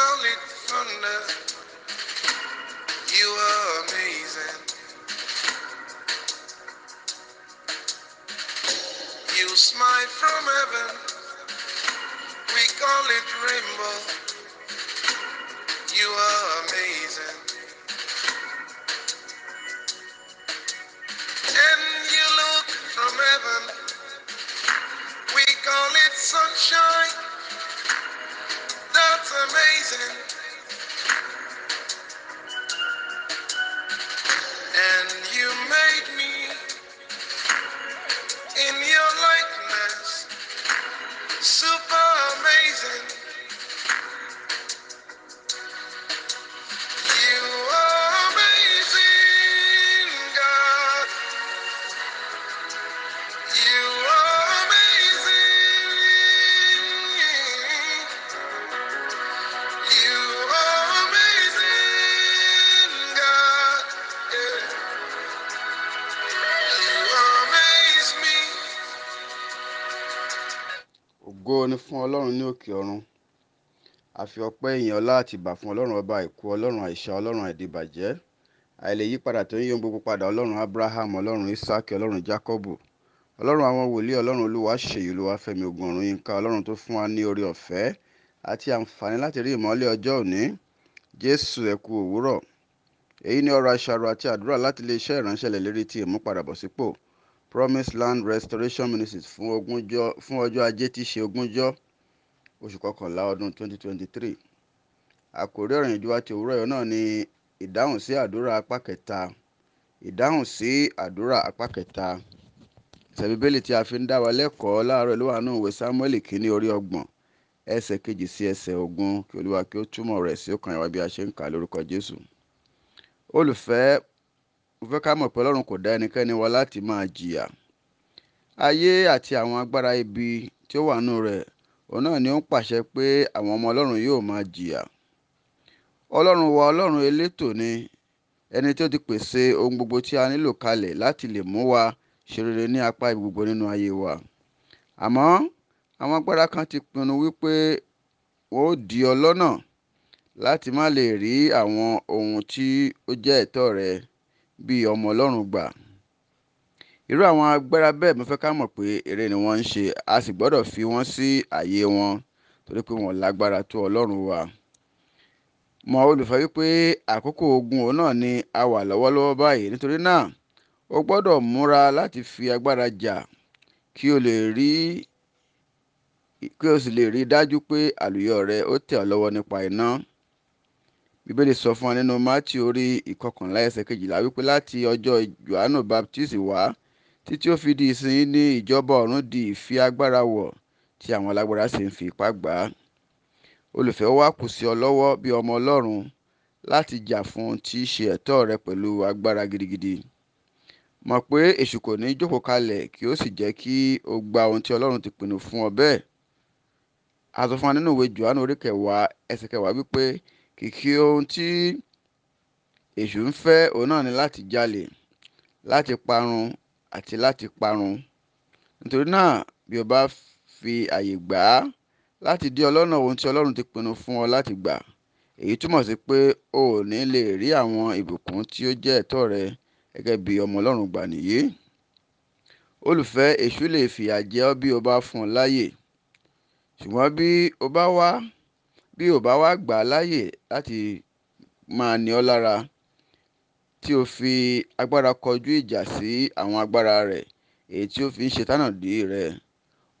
call it thunder. You are amazing. You smile from heaven. We call it rainbow. dancing. ni fún Ọlọ́run ní òkè ọ̀run àfi ọpẹ́ ìyìn ọlá àti ìbà fún Ọlọ́run ọba àìkú Ọlọ́run àìṣà Ọlọ́run àìdìbàjẹ́ àìlè yípadà tó ń yí ohun gbogbo padà Ọlọ́run Abraham Ọlọ́run Isaac Ọlọ́run Jacobu Ọlọ́run àwọn wòlíì Ọlọ́run olúwa ṣèyí olúwa fẹ́mi ogun ọ̀run yínká Ọlọ́run tó fún wa ní oore ọ̀fẹ́ àti àǹfààní láti rí ìmọ́lẹ̀ ọjọ́ òní Jésù ẹ òwúrọ̀ èyí ni ọ̀rọ̀ àṣàrò àti àdúrà láti iléeṣẹ́ ìránṣẹ́ lè lérí ti ìmúpadàbọ̀sípò promise land restoration ministries fún ọjọ́ ajé tí í ṣe ogúnjọ́ oṣù kọkànlá ọdún 2023 àkórí ọ̀rọ̀ ìjọba ti òwúrọ̀ ẹ̀yọ́ náà ni ìdáhùn sí àdúrà apá kẹta ìdáhùn sí àdúrà apá kẹta sẹ̀bíbélì tí a fi ń dá wa lẹ́kọ̀ọ́ láàárọ̀ ló wà nínú ìwé samuel kínní orí ọgbọ̀n ẹsẹ̀ kejì sí ẹsẹ̀ ogún kí olúwa kí ó túmọ̀ rẹ̀ sí ọkàn ìwà bí a ṣe ń kà lórúkọ jésù olùfẹ́ mo fẹ́ ká mọ̀ pé ọlọ́run kò dá ẹnikẹ́ni wá láti máa jìyà ayé àti àwọn agbára ibi tí ó wà nù rẹ̀ òun náà ni ó ń pàṣẹ pé àwọn ọmọ ọlọ́run yóò máa jìyà ọlọ́run wa ọlọ́run elétò ni ẹni tí ó ti pèsè ohun gbogbo tí a nílò kalẹ̀ láti lè mú wa ṣe rere ní apá ibi gbogbo nínú ayé wa àmọ́ àwọn agbára kan ti pinnu wípé wọ́n ó di ọ lọ́nà láti má lè rí àwọn ohun tí ó jẹ́ ẹ̀tọ́ rẹ̀ bíi ọmọ ọlọ́run gbà irú àwọn agbára bẹ́ẹ̀ mo fẹ́ ká mọ̀ pé eré ni wọ́n ń ṣe a sì gbọ́dọ̀ fi wọ́n sí àyè wọn torí pé wọ́n lágbára tó ọlọ́run wa mọ olùfẹ́ wípé àkókò ogun òun náà ni a wà lọ́wọ́lọ́wọ́ báyìí nítorí náà o gbọ́dọ̀ múra láti fi agbára jà kí o lè rí kí o sì lè rí dájú pé àlùyọ rẹ ó tẹ̀ ọ́ lọ́wọ́ nípa iná. E bíbélì sọ fún wa nínú mátì orí ìkọkànlá ẹsẹ̀ kejìlá wípé láti ọjọ́ johannu baptist wá títí ó fi di ìsìn ní ìjọba ọ̀run di ìfi agbára wọ̀ tí àwọn alágbára sì ń fi ipá gbà á olùfẹ́ wa kù sí ọ lọ́wọ́ bí ọmọ ọlọ́run láti jà fún ohun tí í ṣe ẹ̀tọ́ rẹ pẹ̀lú agbára gidigidi mọ̀ pé èṣù kò ní jókòó kalẹ̀ kí ó sì jẹ́ kí o gba ohun tí ọlọ́run ti pinnu fún ọ bẹ́ẹ̀ a nínú ìwé johannu orí kẹwàá wípé kìkì ohun tí èṣù ń fẹ́ òun náà ni láti jalè láti parun àti láti parun nítorí náà bí o bá fi àyè gbà á láti dí ọlọ́nà ohun tí ọlọ́run ti pinnu fún ọ láti gbà èyí túmọ̀ sí pé o ò ní lè rí àwọn ìbùkún tí ó jẹ́ ẹ̀tọ́ rẹ gẹ́gẹ́ bí ọmọ ọlọ́run gbà nìyí olùfẹ́ èṣù lè fìyà jẹ ọ́ bí o bá fún un láyè ṣùgbọ́n bí o bá wá bí o bá wàá gbà á láàyè láti máa ni ọ́ lára tí o fi agbára kọjú ìjà sí àwọn agbára rẹ̀ èyí tí ó fi ń ṣètànàdí rẹ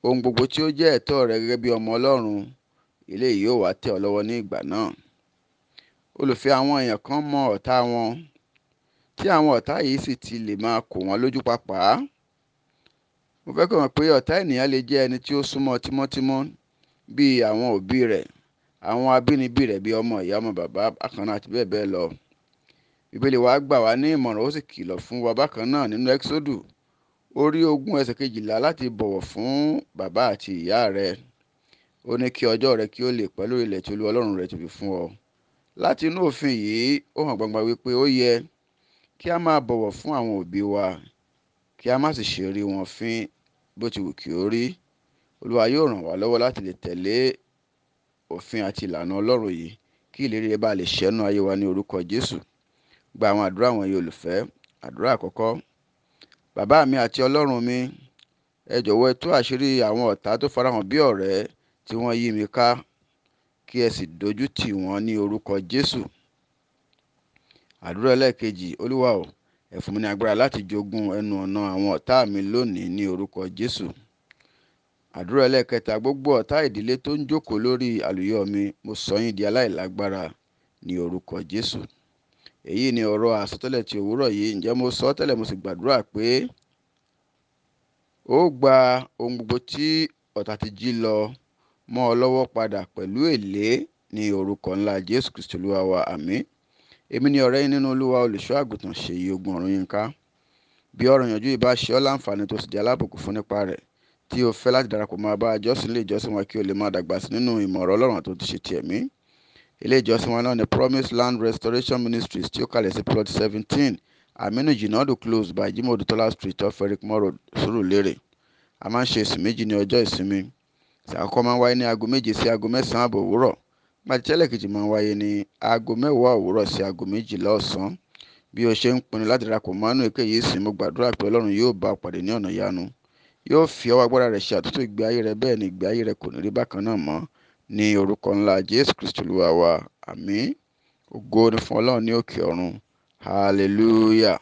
ohun gbogbo tí ó jẹ́ ẹ̀tọ́ rẹ gẹ́gẹ́ bí ọmọ ọlọ́run eléyìí yóò wá tẹ̀ ọ́ lọ́wọ́ ní ìgbà náà olùfẹ́ àwọn èèyàn kan mọ ọ̀tá wọn tí àwọn ọ̀tá yìí sì ti lè máa kó wọn lójú papà mo fẹ́ kọ́ mọ̀ pé ọ̀tá ènìyàn lè jẹ́ ẹni tí ó súnmọ́ tímọ́tímọ́ bíi àwọn òbí rẹ̀ àwọn abínibí rẹ̀ bíi ọmọ ìyá ọmọ bàbá bákan náà àti bẹ́ẹ̀ bẹ́ẹ̀ lọ. bíbélì wa gbà wá ní ìmọ̀ràn ó sì kìlọ̀ fún wa bákan náà nínú ẹ́kísódù orí ogún ẹsẹ̀ kejìlá láti bọ̀wọ̀ fún bàbá àti ìyá rẹ ó ní kí ọjọ́ rẹ kí ó lè pẹ́ lórí ilẹ̀ tí olú ọlọ́run rẹ ti fi fún ọ láti inú òfin yìí ó hàn gbangba wípé ó yẹ kí a máa bọ̀wọ̀ fún àwọn òbí wa kí a má sì ṣe rí wọn fín bó ti wù kí ó rí olúwa yóò ràn wá lọ́wọ́ láti lè tẹ̀lé òfin àti ìlànà ọlọ́run yìí kí ìlérí rẹ bá lè ṣẹ́nu ayé wa ní orúkọ jésù gba àwọn àdúrà wọ̀nyí olùfẹ́ àdúrà àkọ́kọ́ bàbá mi àti ọlọ́run mi ẹ jọ̀wọ́ ẹ tú àṣírí àwọn ọ̀tá tó farahàn bí ọ̀rẹ́ tí wọ́n yí mi ká kí ẹ sì dojú tì wọ́n ní orúkọ jésù àdúrà ẹlẹ́ẹ̀kejì olúwa o ẹ fún mi ní agbára láti jogún ẹnu ọ̀nà àwọn ọ̀tá mi lónìí ní orúkọ jésù àdúrà ẹlẹ́ẹ̀kẹta gbogbo ọ̀tá ìdílé tó ń jókòó lórí àlùyọ mi mo sọ yín di aláìlágbára ní orúkọ jésù èyí ni ọ̀rọ̀ àsọtẹ́lẹ̀ ti òwúrọ̀ yìí ǹjẹ́ mo sọ tẹ́lẹ̀ mo sì gbàdúrà pé ó gba ohun gbogbo tí ọ̀tá ti jí lọ mọ́ ọ lọ́wọ́ padà pẹ̀lú èlé ní orúkọ ńlá jésù kristu olúwa wa èmi ni ọ̀rẹ́ yín nínú olúwa olùṣọ́ àgùntàn ṣèyí ogun ọ̀run yín ká bí ọ̀rọ̀ yànjú ìbá ṣe láǹfààní tó sì di alábòkú fún nípa rẹ̀ tí o fẹ́ láti darapọ̀ máa bá àjọsìn ilé ìjọsìn wa kí o lè máa dàgbà sí nínú ìmọ̀ Ọlọ́run àti òtíṣe ti ẹ̀mí ilé ìjọsìn wa náà ni Promise Land Restoration Ministries tí ó kalẹ̀ sí plot seventeen Aminu Jinadu close by Jimoh Odutola street off Eric Moro Surulere a máa ń ṣe ìsìn méjì ní ọjọ́ ìsinmi àkọ́kọ́ máa ń wáyé ní aago méje sí aago mẹ́sàn-án àbọ̀ òwúrọ̀ gbàtẹ́lẹ̀ kejì máa ń wáyé ní aago mẹ́wàá òwúrọ̀ sí aago méjìlá ọ̀sán bí o ṣe ń pinnu láti darapọ̀ mọ́nú èkéyìí ìsìn mo gbàdúrà pé Ọlọ́run yóò bá ọ pàdé ní ọ̀nà ìyanu yóò fi ọwọ́ agbára rẹ̀ ṣe àtúntò ìgbé ayé rẹ bẹ́ẹ̀ ni ìgbé ayé rẹ kò ní rí bákan náà mọ́ ní orúkọ ńlá jésù kristu olúwa wa àmín ògo ni fún ọlọ́run ní òkè ọ̀run hallelujah.